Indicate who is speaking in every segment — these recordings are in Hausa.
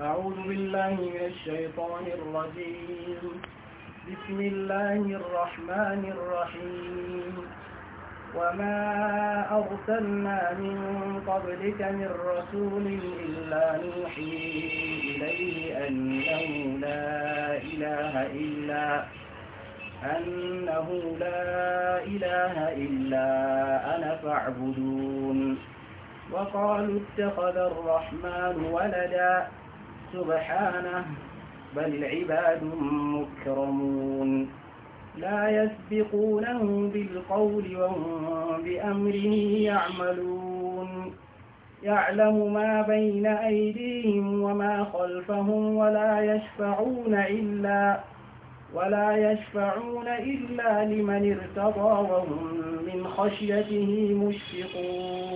Speaker 1: أعوذ بالله من الشيطان الرجيم بسم الله الرحمن الرحيم وما أرسلنا من قبلك من رسول إلا نوحي إليه أنه لا إله إلا أنه لا إله إلا أنا فاعبدون وقالوا اتخذ الرحمن ولدا سبحانه بل العباد مكرمون لا يسبقونه بالقول وهم بأمره يعملون يعلم ما بين أيديهم وما خلفهم ولا يشفعون إلا ولا يشفعون إلا لمن ارتضى وهم من خشيته مشفقون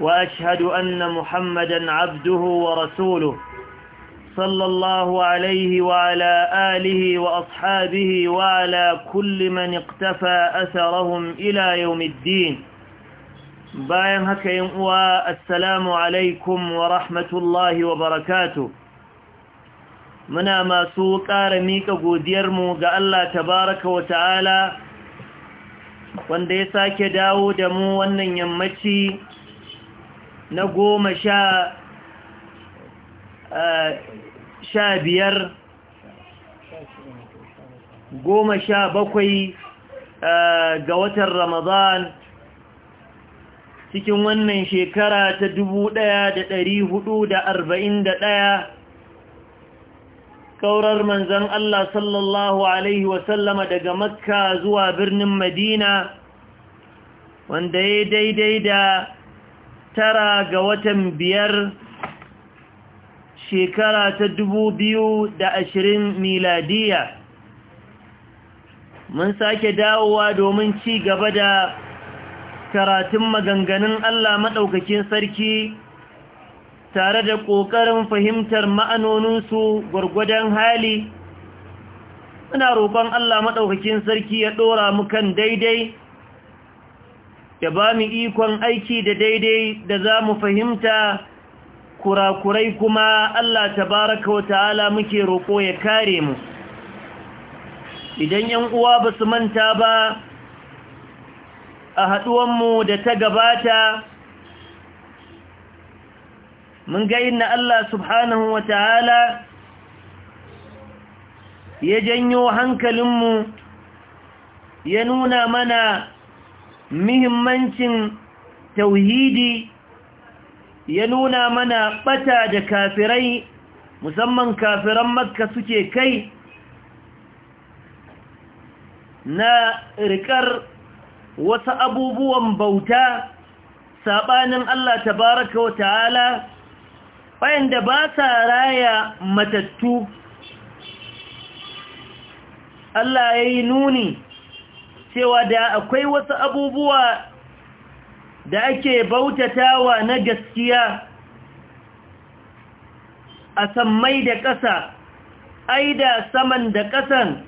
Speaker 2: وأشهد أن محمدا عبده ورسوله صلى الله عليه وعلى آله وأصحابه وعلى كل من اقتفى أثرهم إلى يوم الدين باين هكا والسلام عليكم ورحمة الله وبركاته منا ما ƙara miƙa godiyarmu ga الله تبارك وتعالى ta'ala wanda ya sake dawo da na goma eh, sha biyar goma sha bakwai eh, ga watan ramadan cikin wannan shekara ta dubu ɗaya da ɗari hudu da arba'in da ɗaya kaurar manzan Allah sallallahu Alaihi wasallama daga makka zuwa birnin madina wanda ya daidai da tara ga watan biyar shekara ta dubu biyu da ashirin miladiya mun sake dawowa domin ci gaba da karatun maganganun Allah maɗaukakin sarki tare da ƙoƙarin fahimtar ma'anoninsu gwargwadon hali muna roƙon Allah maɗaukakin sarki ya ɗora mu kan daidai ya ba mu ikon aiki da daidai da za mu fahimta kurakurai kuma Allah tabaraka wa ta'ala muke roƙo ya kare mu idan ‘yan uwa ba su manta ba a haɗuwanmu da ta gabata mun ga inna Allah subhanahu wa ta'ala ya janyo hankalinmu ya nuna mana muhimmancin tauhidi ya nuna mana ɓata da kafirai musamman kafiran makka suke kai na riƙar wasu abubuwan bauta saɓanin Allah tabaraka wa ta'ala da ba sa raya matattu Allah ya yi nuni cewa da akwai wasu abubuwa da ake bautatawa na gaskiya a sammai da ƙasa ai da saman da ƙasan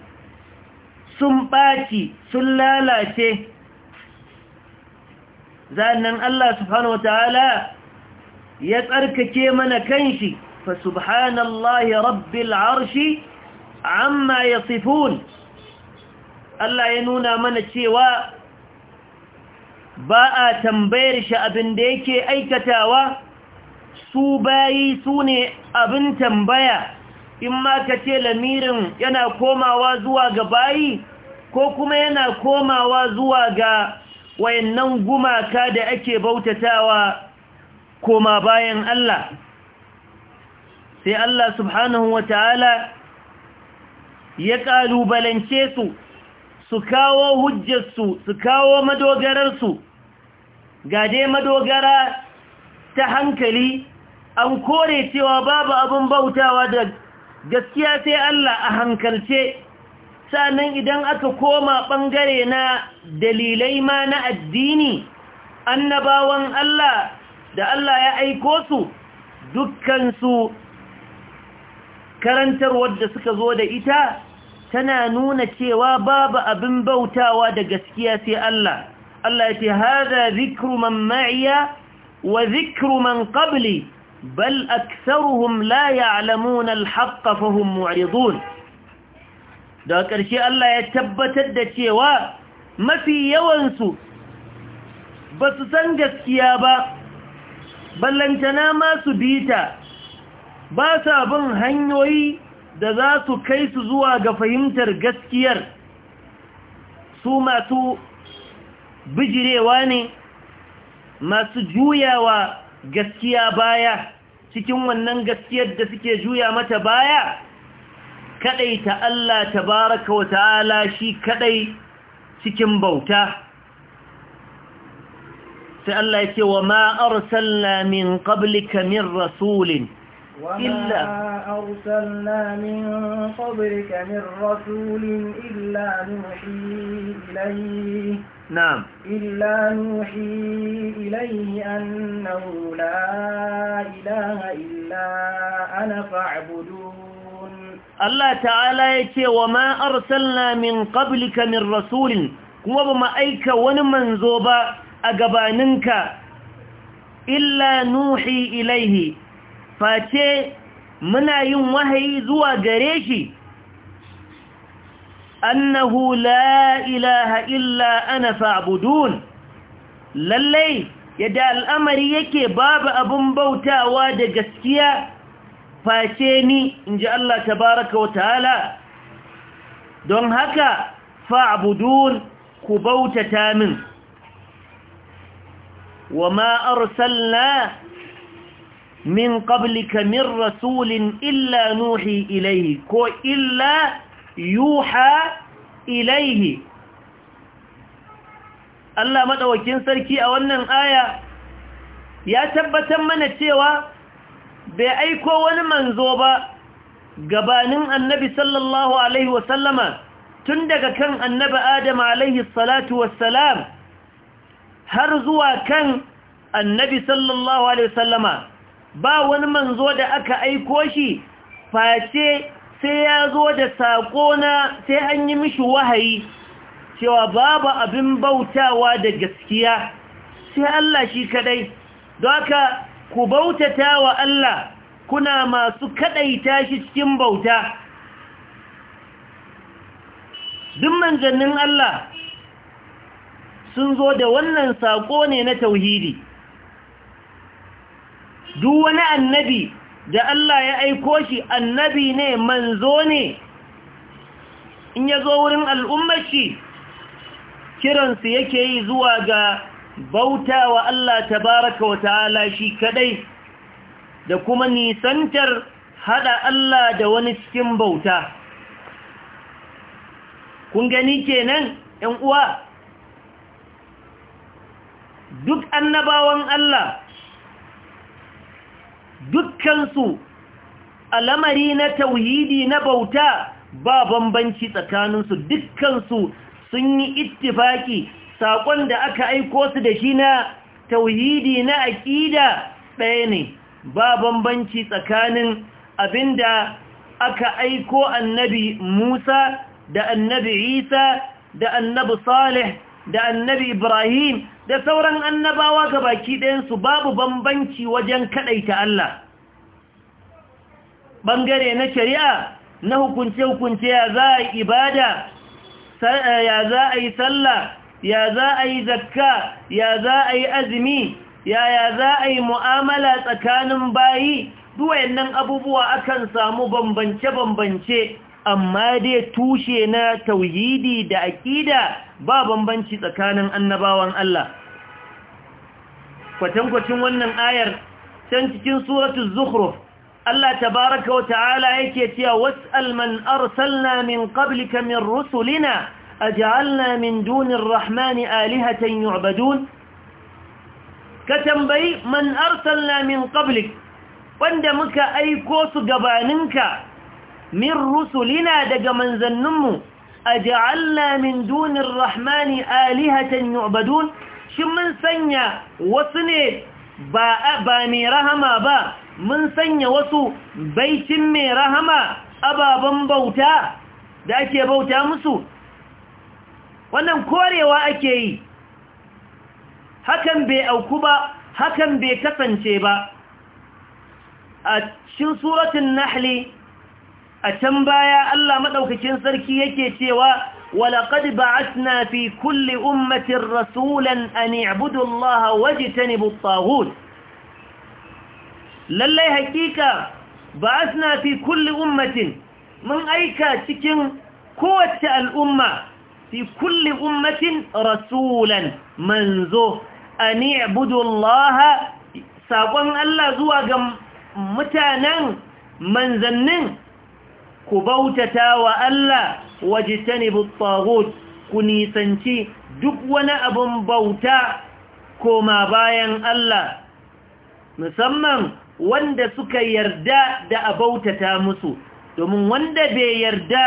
Speaker 2: sun ɓaci sun lalace zanen Allah subhanahu wa ta'ala ya tsarkake mana kanshi fa subhanallahi rabbil arshi amma yasifun Allah ya nuna mana cewa ba a tambayar shi abin da yake aikatawa su bayi su ne abin tambaya in ma ka ce lamirin yana komawa zuwa ga bayi ko kuma yana komawa zuwa ga wayannan gumaka da ake bautatawa koma bayan Allah sai Allah subhanahu wa ta'ala ya ƙalubalance su su kawo hujjarsu su kawo madogararsu ga dai madogara ta hankali an kore cewa babu abin bautawa da gaskiya sai Allah a hankalce sannan idan aka koma ɓangare na dalilai ma na addini annabawan Allah da Allah ya aiko su dukkansu karantar wadda suka zo da ita tana nuna cewa babu abin bautawa da gaskiya sai Allah Allah ya ce hada zikru man ma'iya wa zikru man qabli بل أكثرهم لا يعلمون الحق فهم معرضون da ƙarshe Allah ya tabbatar da cewa mafi yawansu ba su san gaskiya ba ballantana ma su bita ba sa bin hanyoyi da za su kai su zuwa ga fahimtar gaskiyar su masu bijirewa ne masu juyawa gaskiya baya cikin wannan gaskiyar da suke juya mata baya kadai ta Allah tabaraka wa ta'ala shi kadai cikin bauta sai Allah ya ce wa ma arsalna min qablika min rasulin إلا
Speaker 1: أرسلنا من قبلك من رسول إلا نوحي إليه نعم إلا نوحي إليه أنه لا إله إلا أنا فاعبدون
Speaker 2: الله تعالى يتي وما أرسلنا من قبلك من رسول kuma ba mu aika wani manzo ba a gabaninka illa nuhi ilaihi face muna yin wahayi zuwa gare shi annahu la ilaha illa ana fa'budun lallai yadda al'amari yake babu abin bautawa da gaskiya face ni in ji Allah tabaraka wa ta'ala don haka fa'budun ku bautata min wa ma arsalna min qablika min rasulin illa nuhi ilayhi ko illa yuha ilayhi Allah maɗaukin sarki a wannan aya ya tabbatar mana cewa bai aiko wani manzo ba gabanin annabi sallallahu alaihi wasallama tun daga kan annabi adam alaihi salatu wassalam har zuwa kan annabi sallallahu alaihi wasallama ba wani manzo da aka aiko shi face sai ya zo da saƙo na sai an yi mishi wahayi cewa babu abin bautawa da gaskiya sai Allah shi kadai don haka ku bautata wa Allah kuna masu kadaita shi cikin bauta duk manzannin Allah sun zo da wannan saƙo ne na tauhidi duk wani annabi da Allah ya aiko shi annabi ne manzo ne in ya zo wurin al'ummashi kiransu yake yi zuwa ga bauta wa Allah tabaraka wa ta'ala shi kadai da kuma nisantar hada Allah da wani cikin bauta kun gani kenan ‘yan uwa duk annabawan Allah dukkansu alamari na tauhidi na bauta ba bambanci tsakaninsu dukkansu sun yi ittifaki saƙon da aka aiko su da shi na tauhidi na aƙida ɗaya ne ba bambanci tsakanin abinda aka aiko annabi Musa da annabi Isa da annabi Salih da annabi Ibrahim da sauran annabawa ga baki ɗayansu babu bambanci wajen kaɗaita Allah ɓangare na shari'a na hukunce-hukunce ya za a yi ibada eh, ya za a yi sallah ya za a yi zakka ya za a yi azumi ya za a yi mu'amala tsakanin bayi duwayen nan abubuwa akan samu bambance-bambance amma dai tushe na tauhidi da aƙida ba bambanci tsakanin annabawan Allah kwatankwacin wannan ayar can cikin suratul zukhruf Allah tabaraka wa ta'ala yake cewa was'al man arsalna min qablika min rusulina aj'alna min dunir rahmani alihatan yu'badun ka tambayi man arsalna min qablik wanda muka aiko su gabaninka min rusulina daga manzanninmu a ja'alla min dunin rahmani alihatan yu'badun shin mun sanya wasu ne ba mai rahama ba mun sanya wasu baitin mai rahama ababen bauta da ake bauta musu wannan korewa ake yi hakan bai auku ba hakan bai kasance ba a cikin suratun nahli a can baya Allah maɗaukakin sarki yake cewa walaƙad ba'atna fi kulli ummatin rasulan an i'budu Allah wajtanibu at lallai hakika ba'atna fi kulli ummatin mun aika cikin kowace al'umma fi kulli ummatin rasulan manzo an i'budu Allah saƙon Allah zuwa ga mutanen manzannin ku bautata wa Allah wajtanibu at-taghut ku nisanci duk wani abun bauta koma bayan Allah musamman wanda suka yarda da abautata musu domin wanda bai yarda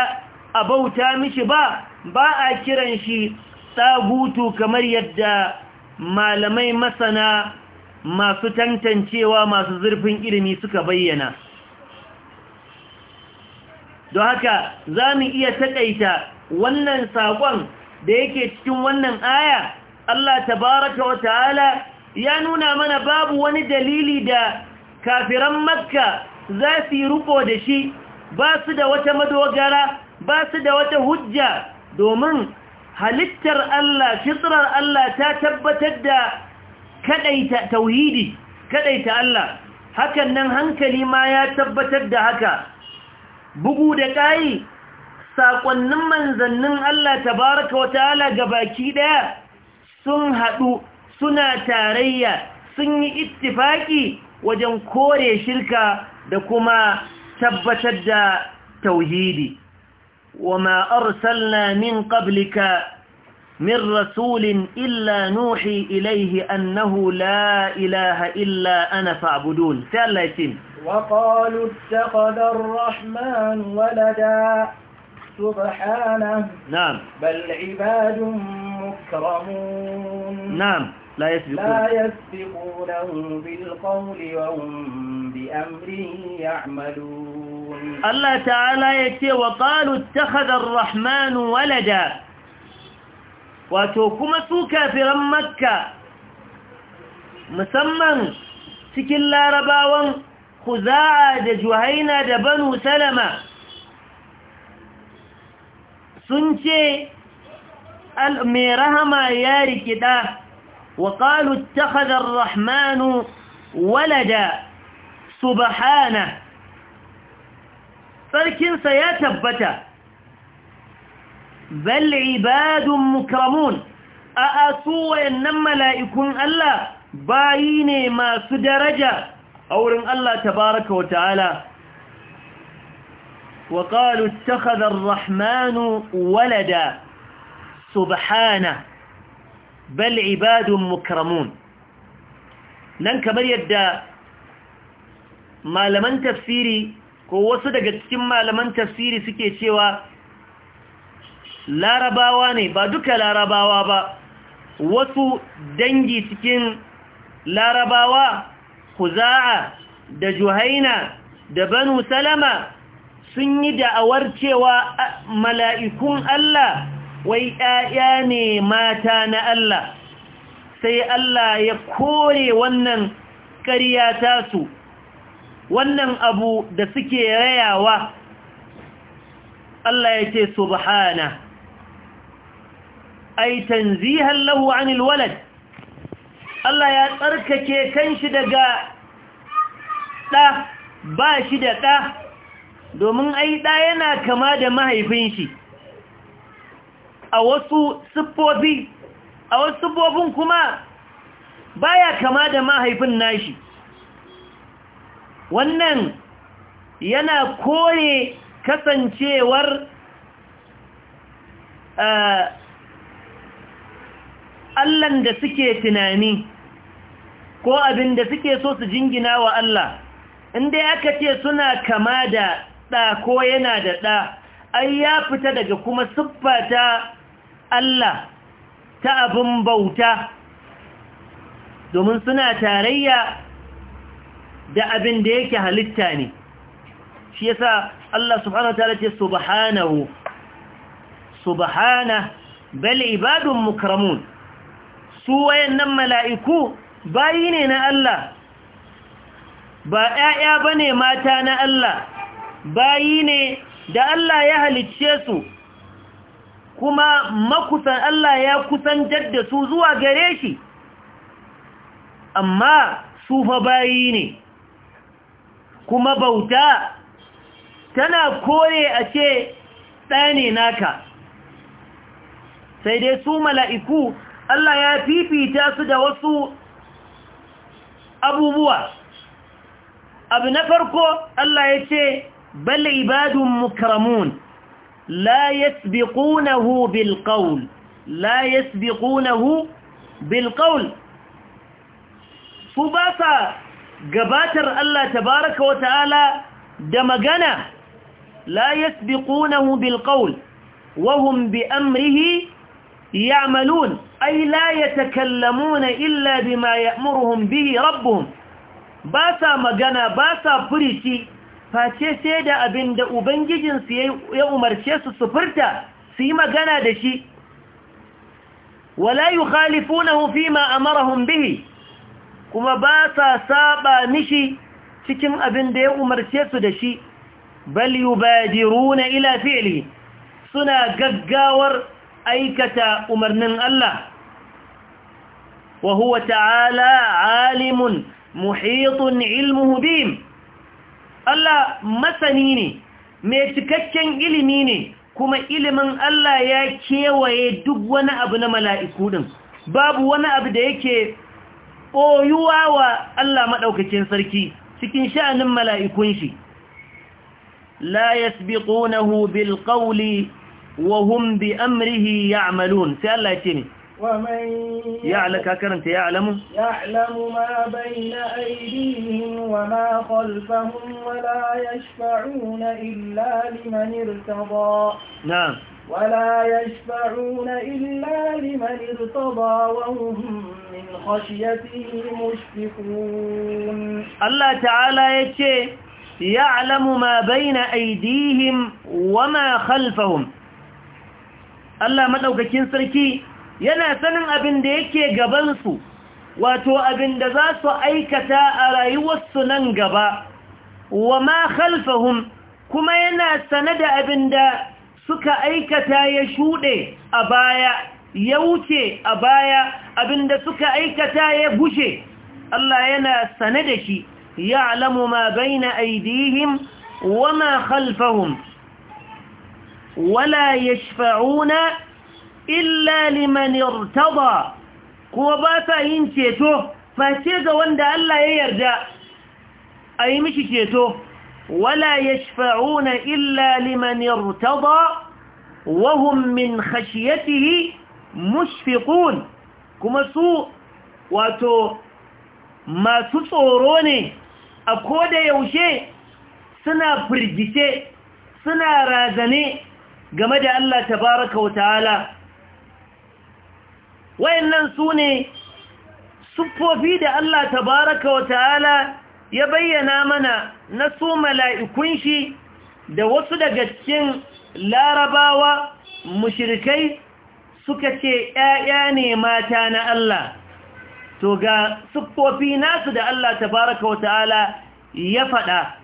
Speaker 2: abauta mishi ba ba a kiran shi tsagutu kamar yadda malamai masana masu tantancewa masu zurfin ilimi suka bayyana don haka za mu iya taƙaita wannan saƙon da yake cikin wannan aya Allah tabaraka wa ta'ala ya nuna mana babu wani dalili da kafiran makka za su yi ruko da shi ba su da wata madogara ba su da wata hujja domin halittar Allah fitrar Allah ta tabbatar da kaɗaita tauhidi kaɗaita Allah hakan nan hankali ma ya tabbatar da haka bugu da ƙayi saƙonnin manzannin Allah tabaraka wa ta'ala ga baki ɗaya sun haɗu suna tarayya sun yi ittifaki wajen kore shirka da kuma tabbatar da tauhidi wa ma arsalna min qablika من رسول إلا نوحي إليه أنه لا إله إلا أنا فاعبدون الله يتم وقالوا
Speaker 1: اتخذ الرحمن ولدا سبحانه نعم بل عباد مكرمون نعم
Speaker 2: لا يسبقون لا
Speaker 1: يسبقونه بالقول وهم بأمره
Speaker 2: يعملون الله تعالى يتي وقالوا اتخذ الرحمن ولدا wato kuma su kafiran makka musamman cikin larabawan kuza'a da juhaina da banu salama sun ce mai rahama ya rikida wa ƙalu rahmanu walada subhana sarkinsa ya tabbata bal ibadun mukramun a'a su wayannan mala'ikun Allah bayi ne masu daraja a wurin Allah tabaraka wa ta'ala wa qalu rahmanu walada subhana bal ibadun mukramun nan kamar yadda malaman tafsiri ko wasu daga cikin malaman tafsiri suke cewa larabawa ne ba duka larabawa ba wasu dangi cikin larabawa kuza'a da juhaina da banu salama sun yi da'awar cewa mala'ikun Allah wai ‘ya'ya ne mata na Allah sai Allah ya kore wannan ƙarya tasu wannan abu da suke rayawa Allah ya ce subhana ai tanzihan lahu anil walad Allah ya tsarkake shi daga ɗa ba shi da ɗa domin ai ɗa yana kama da mahaifin shi a wasu siffofi a wasu siffofin kuma baya kama da mahaifin nashi wannan yana kore kasancewar allahn da suke tunani ko abin da suke so su jingina wa Allah inda aka ce suna kama da ɗa ko yana da ɗa ai ya fita daga kuma siffa ta Allah ta abin bauta domin suna tarayya da abin da yake halitta ne shi yasa Allah subhanahu wataala ce subhanahu subhana bal ibadun mukramun su wayannan mala'iku bayi ne na Allah ba ‘ya'ya ba ne mata na Allah bayi ne da Allah ya halicce su kuma makusan Allah ya kusan da su zuwa gare shi amma su fa bayi ne kuma bauta tana kore a ce ɗane naka sai dai su mala'iku Allah ya fifita su da wasu abubuwa abu na farko Allah ya ce bal ibadun mukramun la yasbiqunahu bil qawl la yasbiqunahu bil qawl su gabatar Allah tabaraka wa ta'ala da magana la yasbiqunahu bil qawl wa hum bi amrihi ya'malun ai la yatakallamuna illa bima ya'muruhum bihi rabbuhum ba sa magana ba sa furici face sai da abin da ubangijinsu ya umarce su su furta su yi magana da shi wala yukhalifunahu fima amarahum bihi kuma ba sa saba mishi cikin abin da ya umarce su da shi bal na ila fi'li suna gaggawar aikata umarnin Allah وهو تعالى عالم محيط علمه بهم Allah masani ne mai cikakken ilimi ne kuma ilimin Allah ya kewaye duk wani abu na mala'iku ɗin babu wani abu da yake ɓoyuwa wa Allah maɗaukacin sarki cikin sha'anin mala'ikun shi la yasbiqunahu bil ƙauli, wa hum bi amrihi ya'malun sai Allah ce
Speaker 1: ya alaka
Speaker 2: karanta ya alamun
Speaker 1: ya alamu ma bayna aydihim wa ma khalfahum wa la yashfa'una illa liman irtada na'am ولا يشفعون إلا لمن ارتضى وهم من
Speaker 2: خشيته
Speaker 1: مشفقون
Speaker 2: الله تعالى يتشي يعلم ما بين أيديهم وما خلفهم الله مدوككين سركي yana sanin abin da yake gabansu wato abin da za su aikata a rayuwarsu nan gaba wa ma khalfahum kuma yana sane da abin da suka aikata ya shuɗe a baya ya wuce a baya abin da suka aikata ya bushe Allah yana sane da shi ya alamu ma baina aidihim wa ma khalfahum wala yashfa'una illa liman irtada kuma ba sa yin ceto face ga wanda Allah ya yarda a yi mishi ceto wala yashfa'una illa liman irtada wa hum min khashyatihi mushfiqun kuma su wato masu tsoro ne a koda yaushe suna firgice suna razane game da Allah tabaraka wa ta'ala wayannan su ne siffofi da Allah tabaraka wa ta'ala ya bayyana mana na su mala'ikun shi da wasu daga cikin larabawa mushirikai suka ce ‘ya'ya ne mata na Allah to ga siffofi nasu da Allah tabaraka wa ta'ala ya faɗa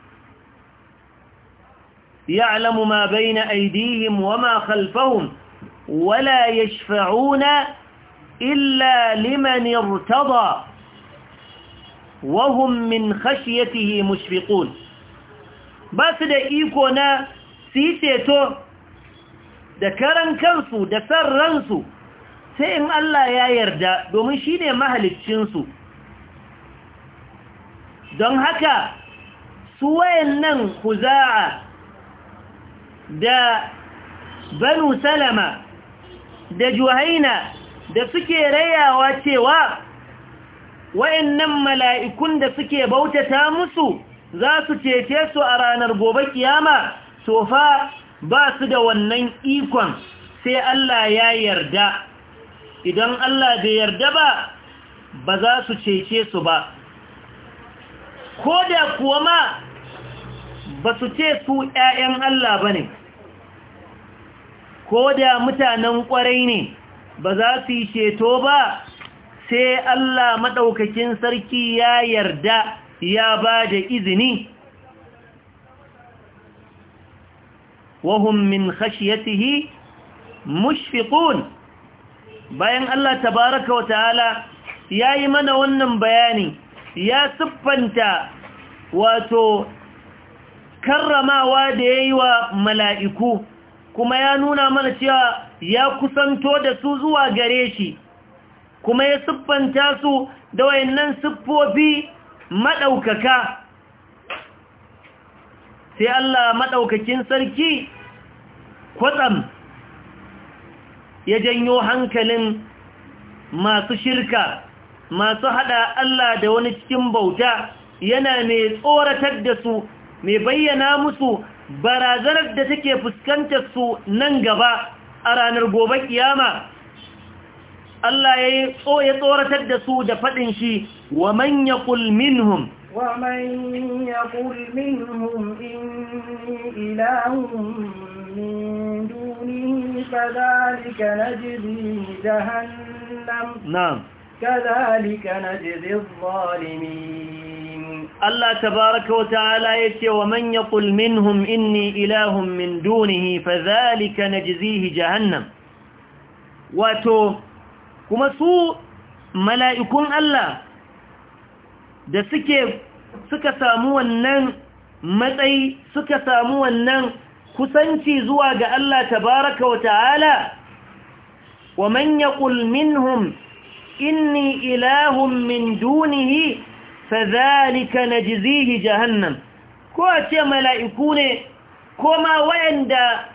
Speaker 2: يعلم ما بين ma وما wala ya يشفعون إلا لمن ارتضى وهم من خشيته مشفقون بس دا إيكونا سيتيتو da karan kansu da san ransu sai in Allah ya yarda domin shi ne mahaliccinsu don haka su wayannan huza'a da banu salama da juhaina da suke rayawa cewa wa'annan mala'ikun da suke bautata musu za su cece su a ranar gobe kiyama to fa ba su da wannan ikon sai Allah ya yarda idan Allah bai yarda ba ba za su cece su ba ko da kuwa ma ba su ce su ‘ya'yan Allah ba ne ko da mutanen ƙwarai ne ba za su yi ceto ba sai Allah maɗaukakin sarki ya yarda ya ba da izini wahum min khashiyatihi mushfiqun bayan Allah tabaraka wa ta'ala ya yi mana wannan bayani ya siffanta wato karramawa da ya yi wa mala'iku kuma ya nuna mana cewa ya kusanto da su zuwa gare shi kuma ya siffanta su da wayannan siffofi maɗaukaka sai Allah maɗaukakin sarki kwatsam ya janyo hankalin masu shirka masu haɗa Allah da wani cikin bauta yana mai tsoratar da su mai bayyana musu barazanar da take fuskantar su nan gaba a ranar gobe kiyama Allah ya yi tsoratar da su da faɗin shi wa manya kulmin minhum
Speaker 1: ومن يقل منهم إني min duni دونه كذلك نجزي الظالمين
Speaker 2: الله تبارك وتعالى يتي ومن يقل منهم إني إله من دونه فذلك نجزيه جهنم واتو كما سوء ملائكون الله da suke suka samu wannan matsayi suka samu wannan kusanci zuwa ga Allah tabaraka wa ta'ala wa man yaqul minhum Inni إني إله من ce mala'iku ne? Ko ma wayanda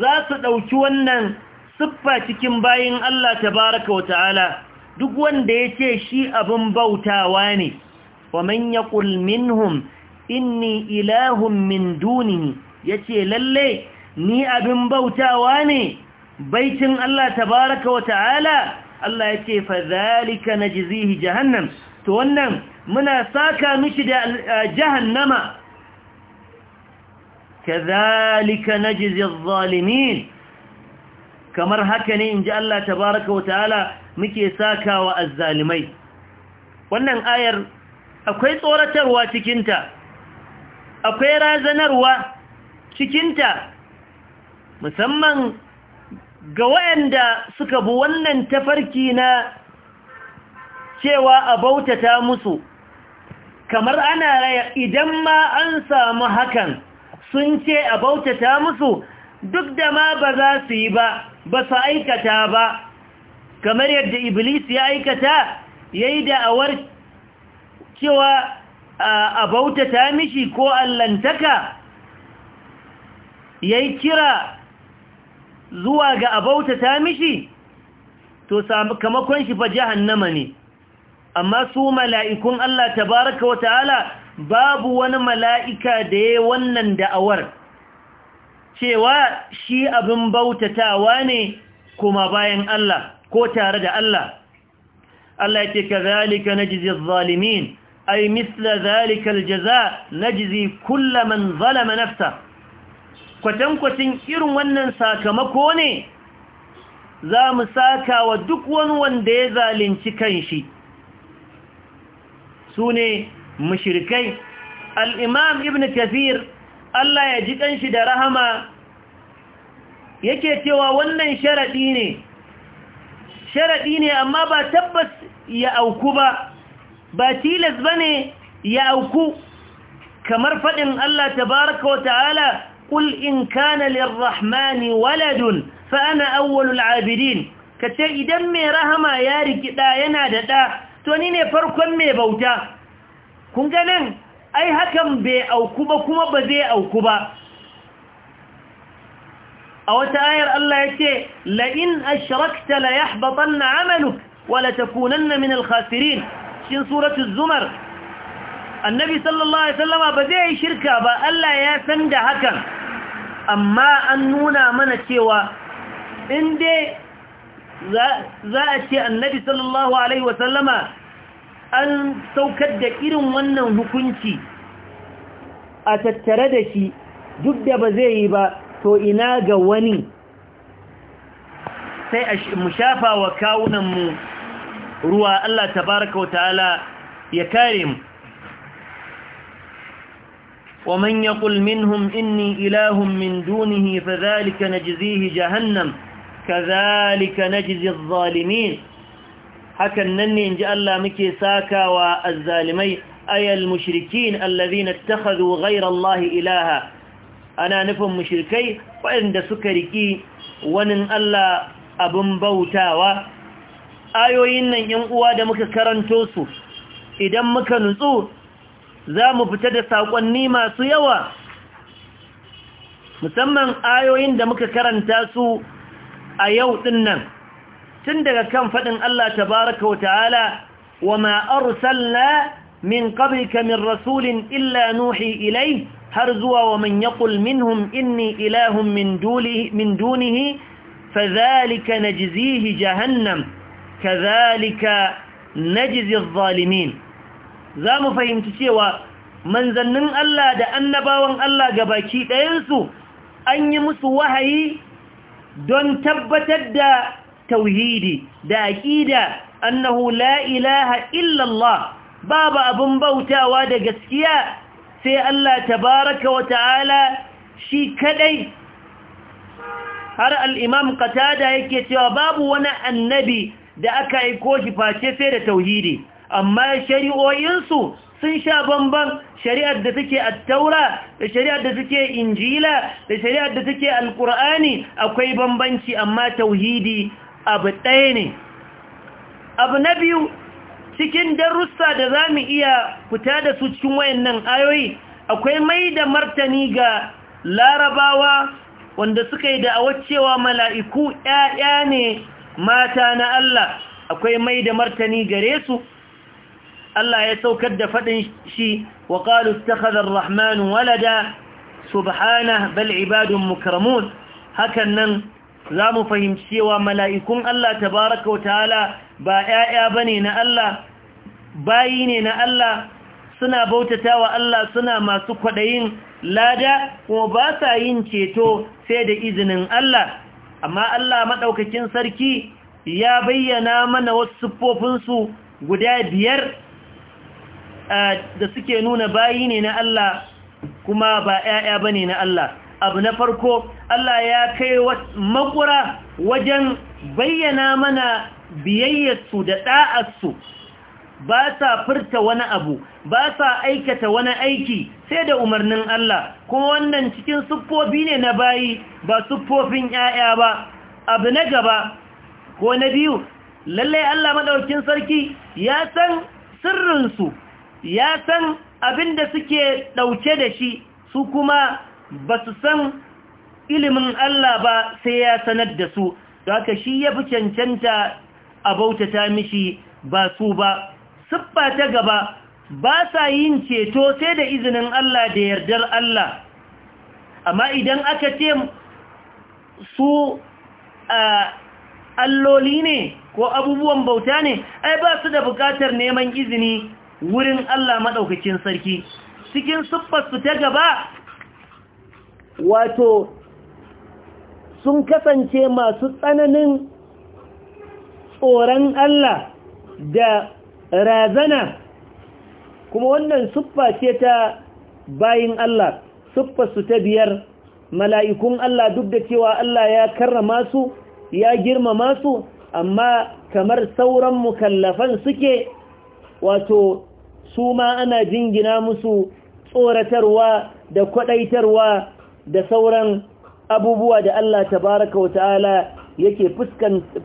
Speaker 2: za su ɗauki wannan siffa cikin bayin Allah tabaraka wata'ala duk wanda ya ce shi abin bautawa ne wa man yaqul minhum inni ilahun min dunihi yace lalle ni abin bautawa ne baitin Allah tabaraka wata'ala Allah ya ce fa na jizihi jahannam to wannan muna saka mishi da eh, jahannama kazalika najzi adh-dhalimin kamar haka ne inji Allah tabaaraka wa ta'ala muke sakawa zalimai. wannan ayar akwai tsoratarwa cikinta akwai razanarwa cikinta musamman ga wayanda suka bi wannan tafarki na cewa a bautata musu kamar ana raya idan ma an samu hakan sun ce a bautata musu duk da ma ba za su yi ba ba su aikata ba kamar yadda iblis ya aikata ya yi da'awar cewa a bautata mishi ko allantaka ya yi kira zuwa ga abauta ta mishi to kamakon shi fa jahannama ne amma su mala'ikun Allah tabaraka wa ta'ala babu wani mala'ika da ya wannan da'awar cewa shi abin bautatawa ne kuma bayan Allah ko tare da Allah Allah yake kazalika najzi adh-dhalimin ay mithla zalika al-jazaa najzi kullaman zalama nafsahu kwatankwacin irin wannan sakamako ne za mu saka wa duk wani wanda ya zalunci shi su ne mashirkai al'imam ibn kafir Allah ya ji ɗanshi da rahama yake cewa wannan sharaɗi ne sharaɗi ne amma ba tabbas ya auku ba ba tilas ba ne ya auku kamar faɗin Allah baraka wa ta'ala قل إن كان للرحمن ولد فأنا أول العابدين kace idan mai rahama ya riki da yana da da to ne farkon mai bauta kun ga nan ai hakan bai auku ba kuma ba zai auku ba a wata ayar Allah yake la in ashrakta la yahbatanna amaluk wa la takunanna min al-khasirin cikin suratul zumar annabi sallallahu alaihi wasallama ba zai yi shirka ba Allah ya san da hakan amma an nuna mana cewa in dai za a ce annabi sallallahu alaihi wasallama an saukar da irin wannan hukunci a tattare da shi duk da ba zai yi ba to ina ga wani sai mu shafa wa kawunanmu ruwa Allah tabaraka wa ta'ala ya kare mu ومن يقل منهم إني إله من دونه فذلك نجزيه جهنم كذلك نجزي الظالمين حكى النني إن جاء الله مكي ساكا والظالمي أي المشركين الذين اتخذوا غير الله إلها أنا نفهم مشركي وإن سكركي ونن الله أبن بوتاوا آيوين ينقوا دمك كرنتوسو إذا مك نصور za mu fita da saƙonni masu yawa musamman ayoyin da muka karanta su a yau dinnan tun daga kan faɗin Allah tabaraka wa ta'ala wa min ƙabrika min rasulin illa nuhi ilai har zuwa wa man yaƙul minhum inni ilahun min dunihi fadhalika najzihi jahannam kadhalika najzi jizir dhalimin za mu fahimci cewa manzannin Allah da annabawan Allah ga baki ɗayansu an yi musu wahayi don tabbatar da tauhidi da aƙida annahu la ilaha illallah babu abin bautawa da gaskiya sai Allah tabaraka wa ta'ala shi kadai har al'imam qatada yake cewa babu wani annabi da aka aiko shi face sai da tauhidi amma shari'o'insu sun sha bamban shari'ar da take attaura da shari'ar da take injila da shari'ar da take alkur'ani akwai bambanci amma tauhidi abu ɗaya ne abu na biyu cikin darussa da za mu iya fita da su cikin wayannan ayoyi akwai mai da martani ga larabawa wanda suka yi da'awar cewa mala'iku ‘ya'ya ne mata na Allah akwai mai da martani gare su Allah ya saukar da faɗin shi wa ƙalu takhazar rahmanu walada subhana bal ibadun mukramun hakan nan za mu fahimci cewa mala'ikun Allah tabaraka wa ta'ala ba ‘ya'ya ba ne na Allah bayi ne na Allah suna bautata wa Allah suna masu kwaɗayin lada kuma ba sa yin ceto sai da izinin Allah amma Allah maɗaukakin sarki ya bayyana mana wasu siffofinsu guda biyar da suke nuna bayi ne na Allah kuma ba ‘ya'ya ba ne na Allah abu na farko Allah ya kai makura wajen bayyana mana biyayyarsu da ɗa'arsu ba sa furta wani abu ba sa aikata wani aiki sai da umarnin Allah kuma wannan cikin siffofi ne na bayi ba siffofin ‘ya'ya ba abu na gaba ko na biyu lallai Allah maɗaukin sarki ya san sirrinsu ya san abin da suke ɗauke da shi su kuma ba su san ilimin Allah ba sai ya sanar da su da haka shi ya fi cancanta a bautata mishi ba su ba siffa ta gaba ba sa yin ceto sai da izinin Allah da yardar Allah amma idan aka ce su alloli ne ko abubuwan bauta ne ai ba su da bukatar neman izini wurin Allah maɗaukacin sarki cikin siffarsu ta gaba wato sun kasance masu tsananin tsoron Allah da razana kuma wannan siffa ce ta bayin Allah siffarsu ta biyar mala'ikun Allah duk da cewa Allah ya karrama su ya girmama su amma kamar sauran mukallafan suke wato su ma ana jingina musu tsoratarwa da kwadaitarwa da sauran abubuwa da Allah tabaraka wa ta'ala yake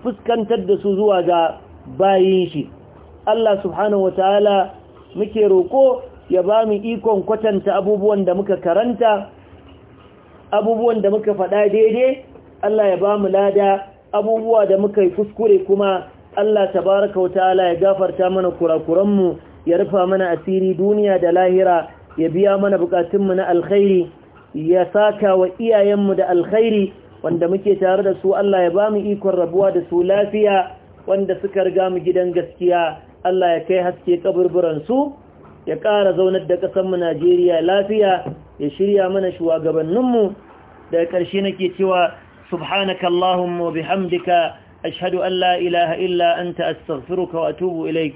Speaker 2: fuskantar da su zuwa ga bayin shi Allah subhanahu wa ta'ala muke roko ya ba mu ikon kwatanta abubuwan da muka karanta abubuwan da muka faɗa daidai Allah ya ba mu lada abubuwa da muka yi kuskure kuma Allah tabaraka wa ta'ala ya gafarta mana kurakuranmu ya rufa mana asiri duniya da lahira ya biya mana bukatunmu na alkhairi ya saka wa iyayenmu da alkhairi wanda muke tare da su Allah ya bamu ikon rabuwa da su lafiya wanda suka riga mu gidan gaskiya Allah ya kai haske su ya ƙara zaunar da ƙasarmu Najeriya lafiya ya shirya mana shugabanninmu daga ƙarshe nake cewa subhanaka Allahumma wa bihamdika ashhadu an la ilaha illa anta astaghfiruka wa atubu ilaik